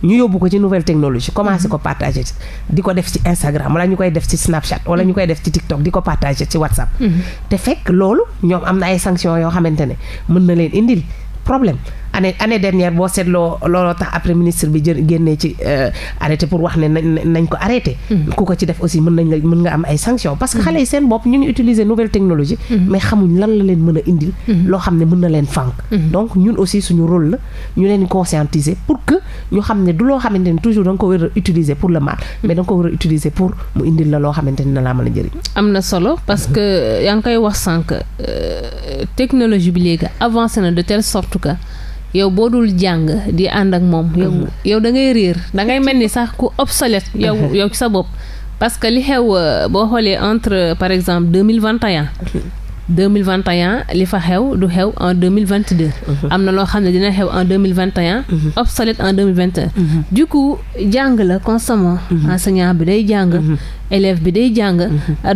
ñu yóbbu ko ci nouvelle technologie commencé ko partager di ko def ci Instagram wala ñu koy def ci Snapchat wala ñu koy def ci TikTok di ko partager ci WhatsApp. Mm-hmm. te fekk loolu ñoom am na ay sanctions yoo xamante ne mën na leen indil problème. année année dernière boo seetloo looloo tax après ministre bi jë génnee ci euh, arrêté pour wax ne nañ ko arrêté. Hmm. ku ko ci def aussi mën nañ la mën nga am ay sanctions. parce que hmm. xale yi seen bopp ñu ngi utiliser nouvelle technologie. Hmm. mais xamuñ lan la leen mën a indil. loo xam ne mën na leen fànq. donc ñun aussi suñu rôle la ñu leen conscientiser pour que ñu xam ne du loo xamante ne toujours da nga ko war utiliser pour le mal. mais da nga pour mu indil la loo xamante ne laa mën a jëriñ. am na solo parce que euh, yaa ngi koy wax sànq euh, technologie bi léegi avancé na de telle sorte que. yow boo dul jàng di ànd ak moom. yow mhm. yow da ngay réer da ngay mel ni sax ku obsolète yow mhm. yow sa bopp. parce que li xew euh, boo xoolee entre par exemple deux mille vingt et un mille vingt et li fa xew du xew en deux mille vingt deux. Mhm. am na loo xam ne dina xew en deux mille vingt et un. obsolète en deux mille vingt et un. du coup jàng la constamment. enseignant bi day jàng. élève bi day jàng.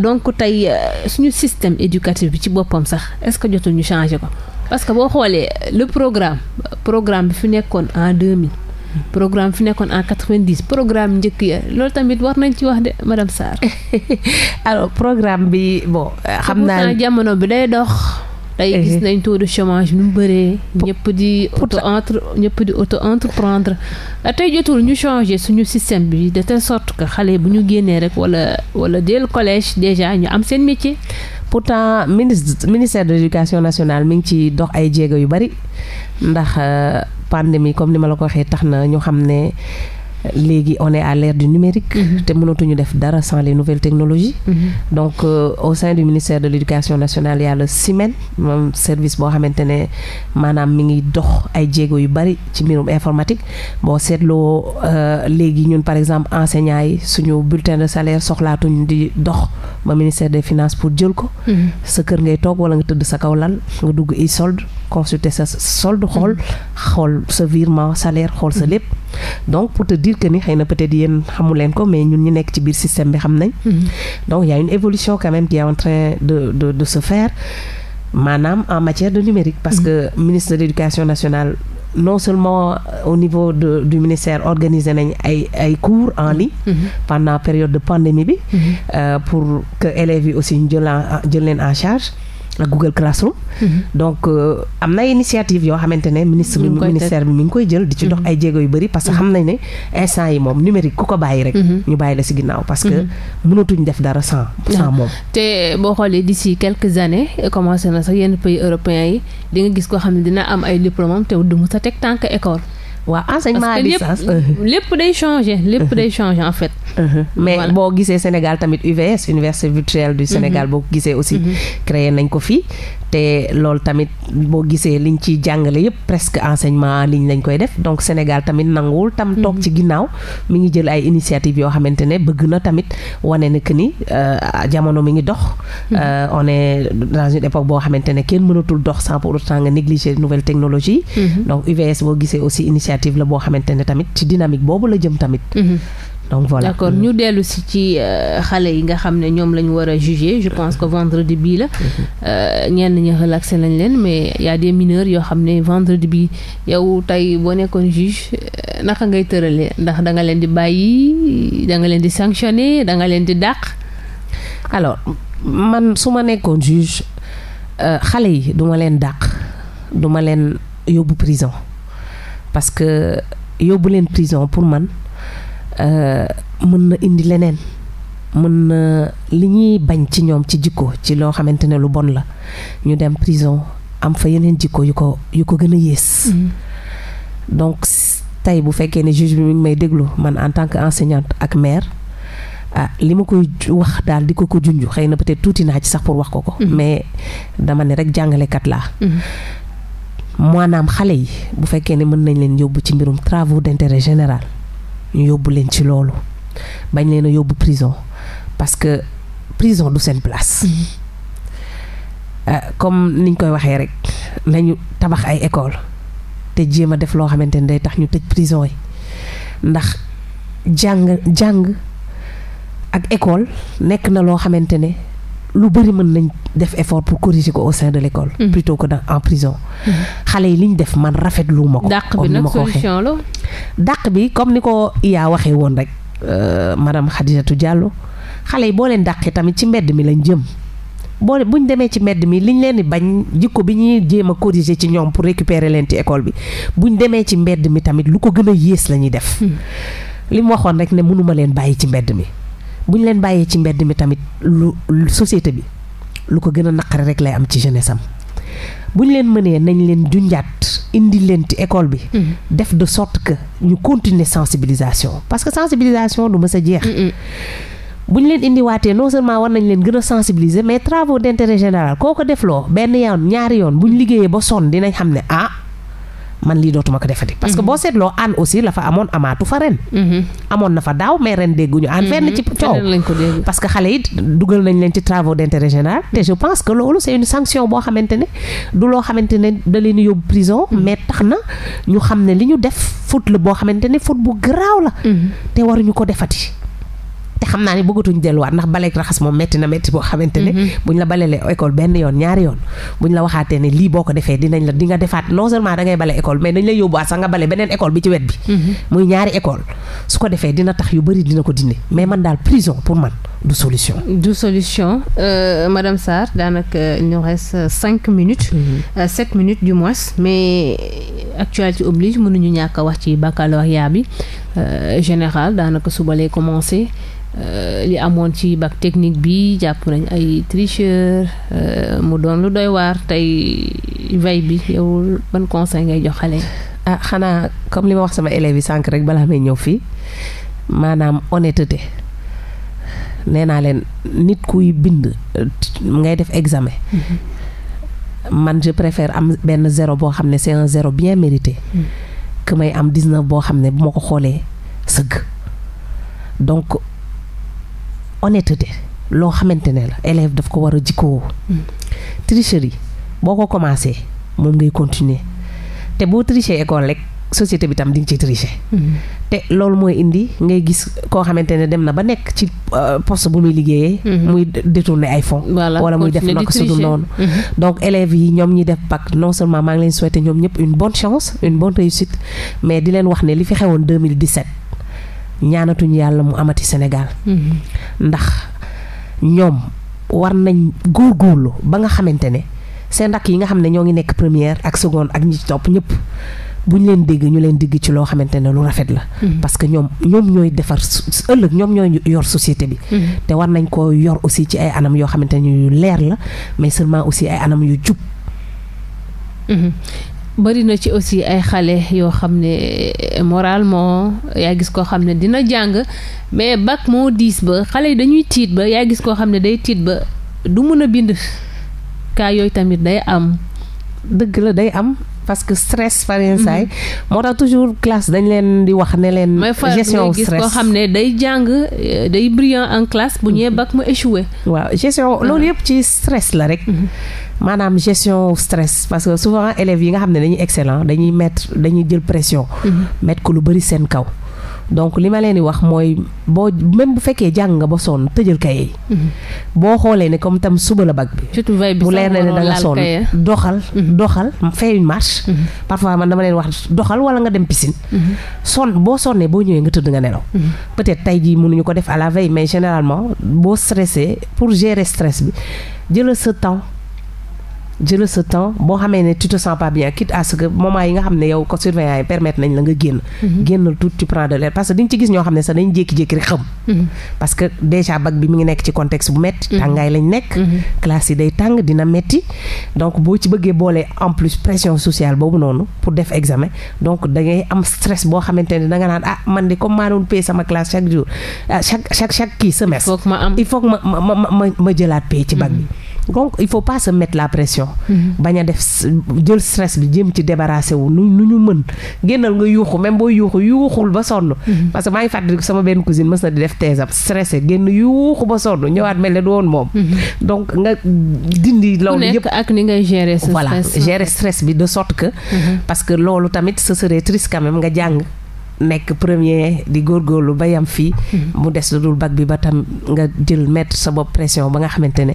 donc tey euh, suñu système éducatif bi ci boppam sax est-ce que jotul ñu changer ko. parce que boo xoolee le programme programme bi fi nekkoon en 2000. programme fi nekkoon en 90 programme njëkk ya loolu tamit war nañ ci wax de madame Sarr. alors programme bi bon. xam naa jamono bi day dox. tey eh. gis nañ taux de chômage nu bëree. ñëpp di auto entre ñëpp di auto entreprendre tey jotul ñu changer suñu système bi de telle sort que xale bu ñu génnee rek wala wala dès collège déjà ñu am seen métier. pourtant ministre ministère de l'éducation nationale mi ngi ci dox ay jéego yu bari ndax euh, pandémie comme ni ma la ko waxee tax na ñu xam ne léegi on est à l'ère du numérique mm-hmm. te mënatuñu def dara sans les nouvelles technologie mm-hmm. donc euh, au sein du ministère de l'éducation nationale y a moom service boo xamante ne maanaam mi ngi dox ay jéego yu bari ci mbirum informatique boo seetloo euh, léegi ñun par exemple enseignants yi suñu bulletin de salaire soxlaatuñ di dox ma ministère des finance pour jël ko mm-hmm. sa kër ngay toog wala nga tëdd sa kaw lal nga dugg i consulter sa solde xool mm-hmm. xool sa virement salaire xool sa mm-hmm. lépp donc pour te dire que ni xëy na peut-être yéen xamu leen ko mais ñun ñu nekk ci biir système bi xam nañ mm-hmm. donc il y a une évolution quand même qui en train de de de maanaam en matière de numérique parce que ministre de l'éducation nationale non seulement euh, au niveau de du ministère organisé nañ ay ay cours en ligne. Mm -hmm. pendant période de pandémie bi. Mm pour que élèves yi aussi ñu jël leen en charge. ak Google Classroom. Mm donc euh, am na initiative yoo xamante ne ministre bi ministère bi mi ngi koy jël di ci ndox mm-hmm. ay jéego yu bëri parce que xam nañ ne instant yi moom numérique ku ko bàyyi rek. Mm-hmm. ñu bàyyi la si ginnaaw parce que mënatuñ def dara sans ah. sans moom. te boo xoolee d'ici quelque années eh, commencé na sax yenn pays européens yi di gis koo xam ne dina am ay diplôme am te du sa teg tànk école. waa enseignement à distance euh. lépp day changé lépp day changé en fait. mais boo gisee Sénégal tamit UVS université virtuelle du Sénégal mmh. boo gisee aussi mmh. créé nañ ko fii te loolu tamit boo gisee liñ ciy jàngale yëpp presque enseignement liñ lañ koy def donc Sénégal tamit nanguwul tam mm-hmm. toog ci ginnaaw mi ngi jël ay initiative yoo xamante ne bëgg na tamit wane ne que ni euh, jamono mi ngi dox mm-hmm. euh, on est dans une époque boo xamante ne kenn mënatul dox sans pour autant nga négliger nouvelle technologie mm-hmm. donc UVS boo gisee aussi initiative la boo xamante ne tamit ci dynamique boobu la jëm tamit donc voilà. d'accord ñu dellu si ci euh, xale yi nga xam ne ñoom la ñu war a juger je pense que vendredi bii la. Mhm. Euh, ñenn ñi relaxé nañ leen mais y a des mineurs yoo xam ne vendredi bii yow tey boo nekkoon juge euh, naka ngay tëralee ndax danga leen di bàyyi da nga leen di sanctionner da nga leen di dàq. alors man su ma nekkoon juge xale yi duma leen dàq duma leen yóbbu prison parce yóbbu leen prison pour man. mën na indi leneen mën na li ñuy bañ ci ñoom ci jikko ci loo xamante ne lu bon la ñu dem prison am fa yeneen jikko yu ko yu ko gën a yées mm-hmm. donc tey bu fekkee ne juge bi mi ngi may déglu man en tant que enseignante ak mère ah li ma koy wax daal di ko ko junj xëy na peut-être tuuti naa ci sax pour wax ko ko mm-hmm. mais dama ne rek jàngalekat laa mm-hmm. maanaam xale yi bu fekkee ne mën nañ leen yóbbu ci mbirum travaux d'intérêt général ñu yóbbu leen ci loolu bañ leen a yóbbu prison parce que prison du seen place. Mm-hmm. Euh, comme niñ koy waxee rek nañu tabax ay école te jéem a def loo xamante ni day tax ñu tëj prison yi ndax jàng jàng ak école nekk na loo xamante ne. lu bëri mën nañ def effort pour corriger ko au sein de l'école mhm. plutôt que dans en prison mhm. xale yi li ñu def man rafetlu ma ko comme ni ma ko dàq bi comme ni ko yaa waxee woon rek euh, madame Khadijatou Diallo xale yi boo leen dàqee tamit ci mbedd mi lañ jëm boo buñ demee ci mbedd mi liñ leen di bañ jikko bi ñuy jéem a corriger ci ñoom pour récupérer leen ci école bi buñ demee ci mbedd mi tamit lu ko gën a yées la ñuy def mhm. li mu waxoon rek ne mënuma leen bàyyi ci mbedd mi bu leen bàyyee ci mbedd mi tamit lu société bi lu ko gën a naqari rek lay am ci jeunesse am buñ leen mënee nañ leen junjaat indi leen ci école bi. Mm-hmm. def de sorte que ñu continuer sensibilisation parce que sensibilisation du mës a jeex. Mm-hmm. bu ñu leen indiwaatee non seulement war nañ leen gën a sensibiliser mais travaux d' intérêt général koo ko defloo benn yoon ñaari yoon bu ñu liggéeyee ba sonn dinañ xam ne ah. man lii dootuma ko defati. parce que mhm. boo seetloo aan aussi la fa amoon amaatu fa ren. Mhm. amoon na fa daaw mais ren dégguñu aan fenn mhm. ci coow parce que xale yi dugal nañ leen ci travaux d' intérêt général. te je pense que loolu c' est une sanction boo xamante ne du loo xamante ne da leen yóbbu prison. mais tax na ñu xam ne li ñu def foot la boo xamante ne foot bu garaaw la. te waruñu ko defati. te xam naa ne bëggatuñ delluwaat ndax baleeg raxas moom metti na metti boo xamante ne mhm. buñ la balelee école benn yoon ñaari yoon buñ la waxaatee ne lii boo ko defee dinañ la di nga defaat non seulement da ngay bale école mais dañ lay yóbbuwaat sax nga bale beneen école bi ci wet bi mhm. muy ñaari école su ko defee dina tax yu bëri dina ko dindi mais man daal prison pour man du solution du solution euh, madame Sarr daanaka euh, il nous reste euh, minutes mhm. mais actualité a wax ci baccalauréat Euh, li amoon ci bac technique bi jàpp nañ ay tricheur euh, mu doon lu doy waar tey vey bi yow ban conseil ngay jox xale ah xanaa comme li ma wax sama élève yi sànq rek balaa may ñëw fii maanaam honnêteté nee naa leen nit kuy bind mu euh, ngay def examen. Mm-hmm. man je préfère am benn zéro boo xam ne c'est un zéro bien mérité. Mm-hmm. que may am 19 boo xam ne bu ma ko xoolee sëgg honnêteté loo xamante ne la élève daf ko war a jikkoo mm. tricherie boo ko commencé moom ngay continuer te boo tricher école rek société bi tam di nga ci tricher. Mm. te loolu mooy indi ngay gis koo xamante ne dem na ba nekk ci euh, poste bu muy liggéeyee. Mm-hmm. muy détourner ay fonds. wala muy def nag su noonu. Mm-hmm. donc élèves yi ñoom ñi def bac maa ngi leen souhaiter ñoom ñëpp une bonne chance une bonne réussite mais di leen wax ne li fi xewoon 2017. ñu yàlla mu amati Sénégal. Mm-hmm. ndax ñoom war nañ góor góorlu ba nga xamante ne seen rakk yi nga xam ne ñoo ngi nekk première ak seconde ak ñi topp ñëpp. bu ñu leen dégg ñu leen dégg ci loo xamante ne lu rafet la. Mm-hmm. parce que ñoom ñoom ñooy defar ëllëg ñoom ñooy yor société bi. Mm-hmm. te war nañ ko yor aussi ci ay anam yoo xamante ne yu leer la mais seulement aussi ay anam yu jub. bëri na ci aussi ay xale yoo xam ne moralement yaa gis koo xam ne dina jàng mais bac moo diis ba xale yi dañuy tiit ba yaa gis koo xam ne day tiit ba du mën a bind kaa yooyu tamit day am dëgg la day am parce que stress farensaay mhm. moo tax toujours classe dañ leen di wax ne leen gestion stress koo xam ne day jàng euh, day brillant en classe bu ñëwee mhm. bac mu échoué waaw gestion loolu yëpp ci stress la rek mhm. maanaam gestion stress parce que souvent élèves yi nga xam ne dañuy excellent dañuy metre dañuy jël pression. Mm-hmm. mettre ko lu bëri seen kaw. donc li ma leen di wax mooy boo même bu fekkee jàng nga ba sonn tëjal kaye yi. Mm-hmm. boo xoolee ne comme tam suba la bac bi. surtout veille bi leer na ne da sonn doxal. Mm-hmm. doxal fais une marche. parfois man dama leen wax doxal wala nga dem piscine. sonn boo sonnee boo ñëwee nga tëdd nga nelaw. peut-être tey jii mënuñu ko def à la veille mais généralement boo stressé pour gérer bi jëlal sa temps. jëlal sa temps boo xamee ne tu te sens pas bien quitte à moment yi nga xam ne yow ko surveillant yi permettre nañ la nga génn mhm. génnal tout tu prends de l'air parce que ci gis ñoo xam ne sax dañ jékki-jékki rek xam mhm. parce que déjà bac bi mu ngi nekk ci contexte bu metti mhm. tàngaay lañ nekk classe yi day tàng dina metti donc boo ci bëggee boolee en plus pression sociale boobu noonu pour def examen donc da ngay am stress boo xamante ne da nga naan ah man de comme maa doon paye sama classe chaque jour ah, chaque chaque chaque kii semestre il faut que ma ma ma ma jëlaat paye ci bac bi donc il faut pas se mettre la pression. Mm-hmm. bañ a def jël stress bi jëm ci débarrassé wu nu nu ñu mën génnal nga yuuxu même boo yuuxu yuuxul ba sonn. Mm-hmm. parce que maa ngi fàttaliku sama benn cousine mës na di def teesam stressé génn yuuxu ba sonn ñëwaat ma ne du woon moom. Mm-hmm. donc nga dindi loolu yëpp ak ni ngay gere voilà gérer stress bi de sorte que. parce que loolu tamit sa serait triste quand même nga jàng. nekk premier di góor góorgóorlu ba yam fii. Hmm. mu des lu dul bac bi ba tam nga jël mettre sa bopp pression ba nga xamante ne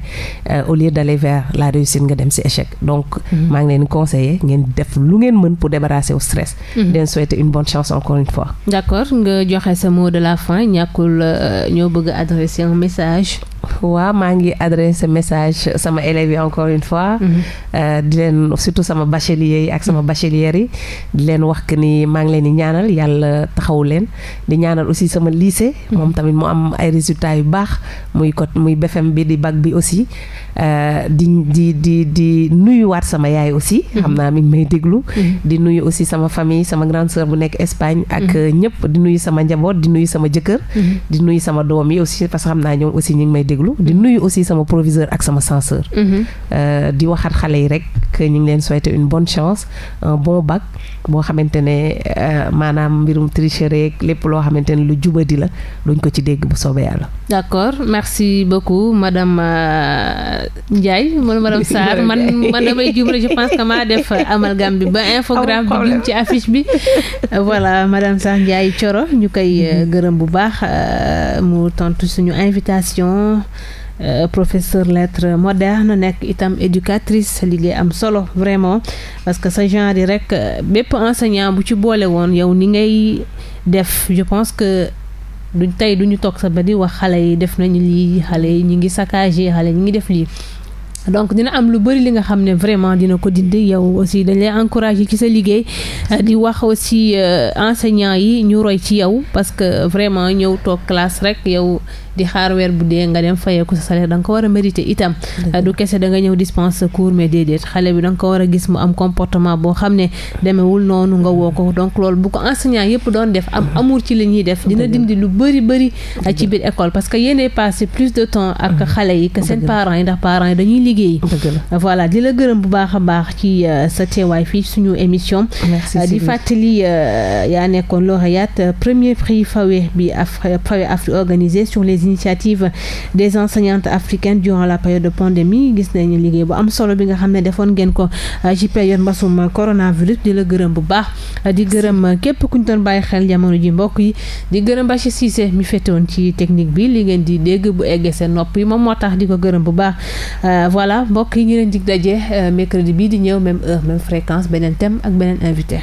euh, au lieu d' aller vers la réussite nga dem si échec donc. Hmm. maa ngi leen di conseiller ngeen def lu ngeen mën pour débarrasser au stress. Hmm. di leen souhaiter une bonne chance encore une fois. nga joxe sa mot de la fin ñàkkul euh, ñoo bëgg adresser un message. waaw maa ngi adressé message sama élèves yi encore une fois. Mhm. Euh, di leen surtout sama bachelier yi ak sama mhm. bachelières yi. di leen wax que ni maa ngi leen di ñaanal yàlla taxawu leen di ñaanal aussi sama lycée. Mhm. moom tamit mu am ay résultat yu baax muy cot muy BFEM bi di bac bi aussi. Euh, di di di di nuyuwaat sama yaay aussi. xam naa mi ngi may déglu. di nuyu aussi sama famille sama grande sœur bu nekk Espagne. ak ñëpp di nuyu sama njaboot di nuyu sama jëkkër. di nuyu sama doom yi aussi déglu di mhm. nuyu aussi sama proviseur ak sama censeur mhm. euh, di waxaat xale yi rek que ñu ngi leen souhaiter une bonne chance un bon bac boo xamante ne euh, maanaam mbirum tricher rek lépp loo xamante ne lu jubadi la duñ ko ci dégg bu soobee yàlla d'accord merci beaucoup madame euh, Ndiaye man madame Sarr man man damay jublu je pense que maa def amalgame bi ba infogramme bi ñu ci affiche bi voilà madame Sarr Ndiaye Thioro ñu koy gërëm bu baax mu tontu suñu invitation Euh, professeur lettres modernes nekk itam éducatrice liggéey am solo vraiment parce que sa genre yi rek euh, bépp enseignant bu ci boole woon yow ni ngay def je pense que du tey duñu toog sa ba di wax xale yi def nañu lii xale yi ñu ngi saccagé xale yi ñu ngi def lii donc dina am lu bëri li nga xam ne vraiment dina ko dindi yow aussi dañ lay encourager ci sa liggéey euh, di wax aussi euh, enseignants yi ñu roy ci yow parce que vraiment ñëw toog classe rek yow. di xaar weer bu dee nga dem fayeeku sa salaire da nga ko war a mérité itam du kese da nga ñëw dispense cours mais déedéet xale bi da nga ko war a gis mu am comportement boo xam ne demewul noonu nga woo ko donc loolu bu ko enseignant yëpp doon def am amour ci li def dina dindi lu bëri bëri ci biir école parce que yéenay passé plus de temps ak mmh. xale yi que seen yi ndax parents yi dañuy liggéey voilà di gërëm bu baax a baax ci euh, sa teewaay fii suñu émission euh, di fàttali euh, yaa nekkoon initiatives des enseignantes africaines durant la période de pandémie gis nañu liggéey bu am solo bi nga xam ne defoon ngeen ko euh, ci période mbasum coronavirus di la gërëm bu baax euh, di gërëm képp kuñ doon bàyyi xel jamono ji mbokk yi di gërëm Bachir Cissé mi fetoon ci technique bi li ngeen di dégg bu eggee seen nopp yi moom moo tax di ko gërëm bu baax euh, voilà mbokk yi ñu di dig daje mercredi bii di ñëw même heure même fréquence beneen thème ak beneen invité